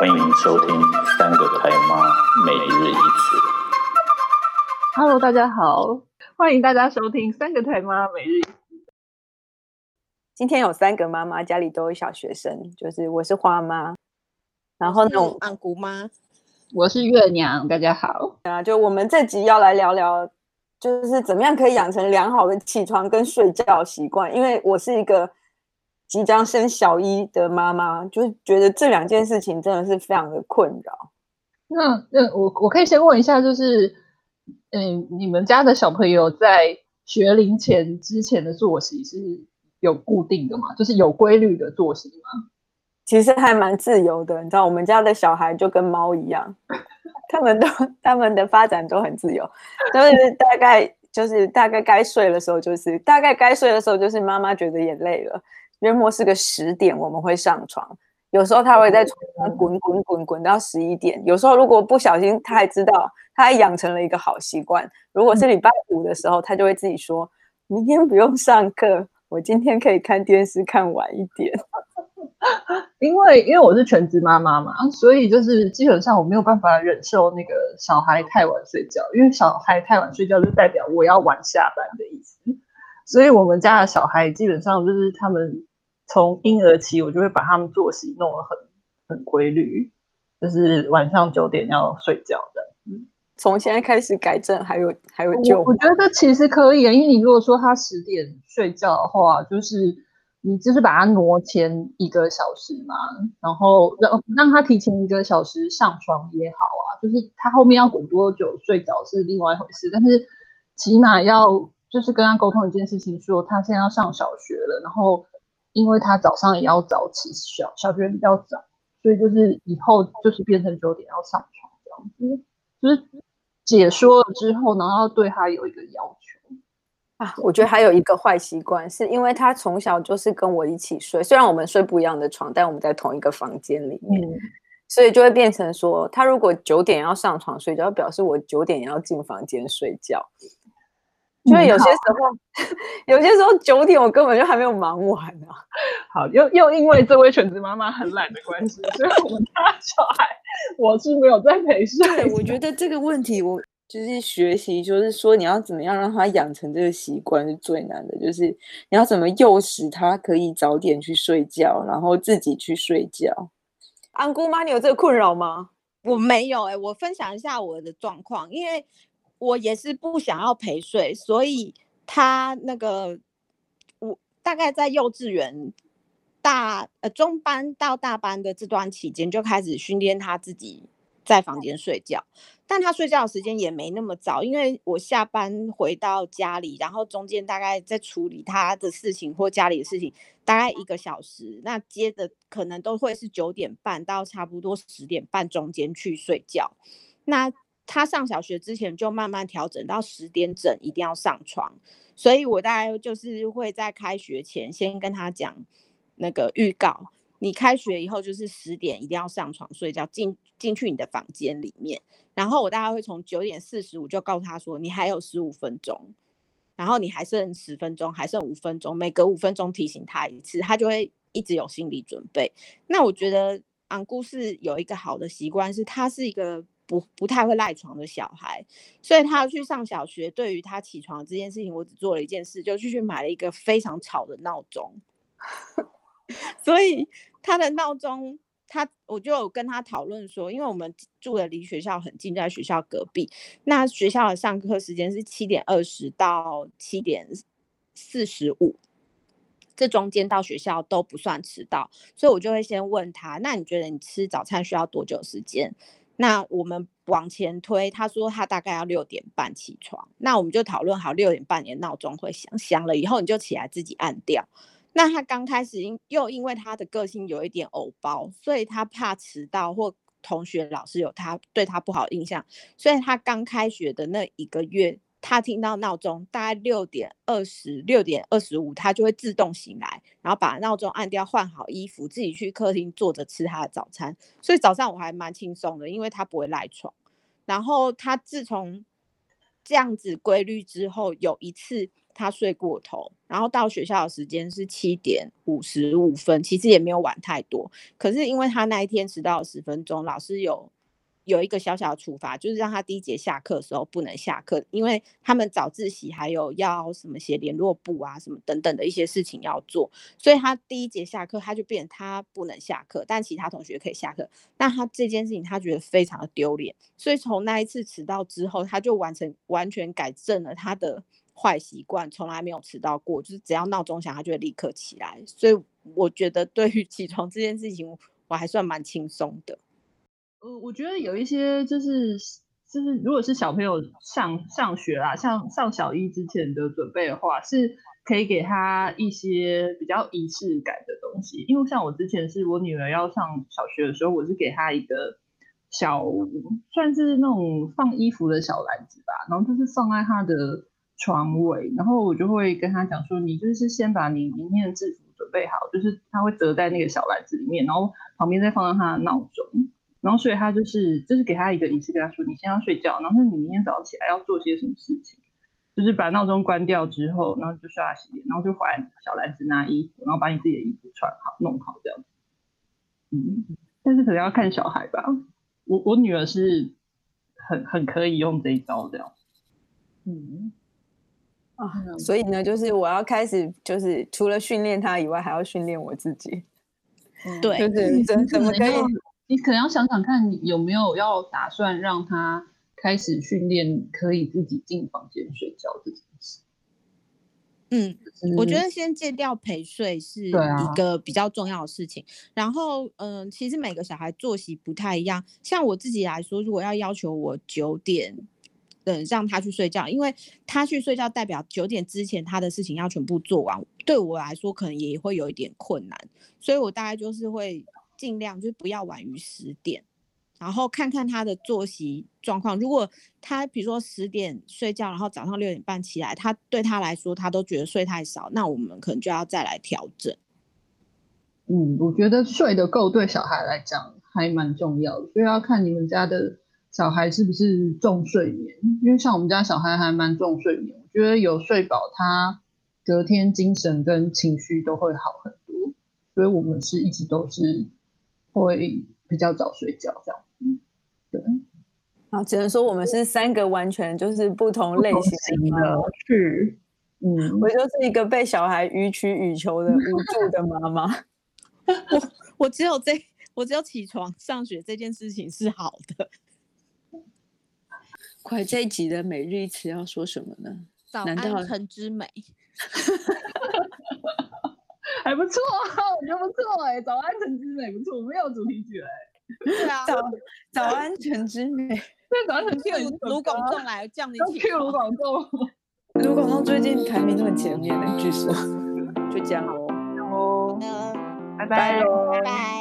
歡迎收聽《三個台媽每日一次》。Hello，大家好，歡迎大家收聽《三個台媽每日一次》。今天有三個媽媽，家裡都有一小學生，就是我是花媽，然後呢，我是那種姑媽，我是月娘。大家好啊，就我們這集要來聊聊，就是怎麼樣可以養成良好的起床跟睡覺習慣，因為我是一個，即將生小一的媽媽就是覺得這兩件事情真的是非常的困擾。那那我我可以先問一下，就是嗯、欸，你們家的小朋友在學齡前之前的作息是有固定的嗎？就是有規律的作息嗎？其實還蠻自由的，你知道，我們家的小孩就跟貓一樣，他們都他們的發展都很自由，就是大概就是大概該睡的時候就是大概該睡的時候就是媽媽覺得也累了，約莫是個十點，我們會上床。有時候他會在床上滾滾滾滾到十一點。有時候如果不小心，他還知道，他還養成了一個好習慣。如果是禮拜五的時候，他就會自己說：“嗯、明天不用上課，我今天可以看電視看晚一點。”因為因為我是全職媽媽嘛，所以就是基本上我沒有辦法忍受那個小孩太晚睡覺，因為小孩太晚睡覺就是代表我要晚下班的意思。所以我們家的小孩基本上就是他們。從嬰兒期，我就會把他們作息弄得很很規律，就是晚上九點要睡覺的。從現在開始改正還，還有還有救？我,我覺得其實可以的，因為你如果說他十點睡覺的話，就是你就是把他挪前一個小時嘛，然後讓讓他提前一個小時上床也好啊。就是他後面要滾多久睡著是另外一回事，但是起碼要就是跟他溝通一件事情說，說他現在要上小學了，然後。因為他早上也要早起小，小小學比較早，所以就是以後就是變成九點要上床這樣子，就是解說之後，然後他對他有一個要求啊。我覺得還有一個壞習慣，是因為他從小就是跟我一起睡，雖然我們睡不一樣的床，但我們在同一個房間裡面，嗯，所以就會變成說，他如果九點要上床睡覺，表示我九點要進房間睡覺。因為有些時候，嗯、 有些時候九點我根本就還沒有忙完呢、啊。好，又又因為這位全職媽媽很懶的關係， 所以我們家小孩我是沒有在陪睡，對。我覺得這個問題我，我對就是學習，就是說你要怎麼樣讓他養成這個習慣是最難的，就是你要怎麼誘使他可以早點去睡覺，然後自己去睡覺。安、嗯、姑媽，你有這個困擾嗎？我沒有、欸，我分享一下我的狀況，因為。我也是不想要陪睡，所以他那個我大概在幼稚園大呃中班到大班的這段期間就開始訓練他自己在房間睡覺，但他睡覺的時間也沒那麼早，因為我下班回到家裡，然後中間大概在處理他的事情或家裡的事情，大概一個小時，那接着可能都會是九點半到差不多十點半中間去睡覺，那。他上小學之前就慢慢調整到十點整一定要上床，所以我大概就是會在開學前先跟他講那個預告，你開學以後就是十點一定要上床睡覺，進進去你的房間裡面，然後我大概會從九點四十五就告訴他說，你還有十五分鐘，然後你還剩十分鐘，還剩五分鐘，每隔五分鐘提醒他一次，他就會一直有心理準備。那我覺得昂故是有一個好的習慣，是他是一個。不不太會賴床的小孩，所以他要去上小學。對於他起床這件事情，我只做了一件事，就去去買了一個非常吵的鬧鐘。 所以他的鬧鐘，他我就有跟他討論說，因為我們住的離學校很近，在學校隔壁。那學校的上課時間是七點二十到七點四十五，這中間到學校都不算遲到。所以我就會先問他：那你覺得你吃早餐需要多久時間？那我們往前推，他說他大概要六點半起床，那我們就討論好六點半的鬧鐘會響，響了以後你就起來自己按掉。那他剛開始因又因為他的個性有一點偶包，所以他怕遲到或同學老師有他對他不好印象，所以他剛開學的那一個月。他聽到鬧鐘大概六點二十六點二十五，他就會自動醒來，然後把鬧鐘按掉，換好衣服，自己去客廳坐着吃他的早餐。所以早上我還蠻輕鬆的，因為他不會賴床。然後他自從這樣子規律之後，有一次他睡過頭，然後到學校的時間是七點五十五分，其實也沒有晚太多。可是因為他那一天遲到了十分鐘，老師有。有一個小小的處罰，就是讓他第一節下課的時候不能下課，因為他們早自習還有要什麼寫聯絡簿啊，什麼等等的一些事情要做，所以他第一節下課他就變成他不能下課，但其他同學可以下課。那他這件事情他覺得非常的丟臉，所以從那一次遲到之後，他就完成完全改正了他的壞習慣，從來沒有遲到過，就是只要鬧鐘響他就會立刻起來。所以我覺得對於起床這件事情，我還算蠻輕鬆的。我覺得有一些就是就是，如果是小朋友上上學啊，像上小一之前的準備的話，是可以給他一些比較儀式感的東西。因為像我之前是我女兒要上小學的時候，我是給她一個小，算是那種放衣服的小籃子吧，然後就是放在她的床尾，然後我就會跟她講說，你就是先把你明天的制服準備好，就是他會折在那個小籃子裡面，然後旁邊再放上他的鬧鐘。然後，所以他就是就是給他一個儀式，跟他說：“你先要睡覺。”然後說：“你明天早上起來要做些什麼事情？就是把鬧鐘關掉之後，然後就刷牙洗臉，然後就還小籃子拿衣服，然後把你自己的衣服穿好、弄好這樣子。”嗯，但是可能要看小孩吧。我我女兒是很很可以用這一招的。嗯啊，嗯所以呢，就是我要開始，就是除了訓練他以外，還要訓練我自己。嗯就是、對，就是怎麼可以？ 你可能要想想看，有沒有要打算讓他開始訓練可以自己進房間睡覺這件事。嗯，我覺得先戒掉陪睡是一個比較重要的事情。啊、然後，嗯，其實每個小孩作息不太一樣。像我自己來說，如果要要求我九點，等、嗯、讓他去睡覺，因為他去睡覺代表九點之前他的事情要全部做完。對我來說，可能也會有一點困難，所以我大概就是會。盡量就不要晚於十點，然後看看他的作息狀況。如果他比如說十點睡覺，然後早上六點半起來，他對他來說他都覺得睡太少，那我們可能就要再來調整。嗯，我覺得睡得夠對小孩來講還蠻重要的，所以要看你們家的小孩是不是重睡眠。因為像我們家小孩還蠻重睡眠，我覺得有睡飽，他隔天精神跟情緒都會好很多。所以我們是一直都是。會比較早睡覺這樣，對，啊，只能說我們是三個完全就是不同類型的、啊。是，嗯，我就是一個被小孩予取予求的無助的媽媽。 我我只有這，我只有起床上學這件事情是好的。快這一集的每日一詞要說什麼呢？早安，晨之美。 還不錯，我覺得不錯誒、欸，早安晨之美不錯，我們要主題曲誒、欸，啊，早早安晨之美，那對早安晨之美有盧廣仲來叫你起床。盧廣仲，盧廣仲最近排名這麼前面的，欸，據說。就這樣嘍，拜拜嘍，拜。Bye.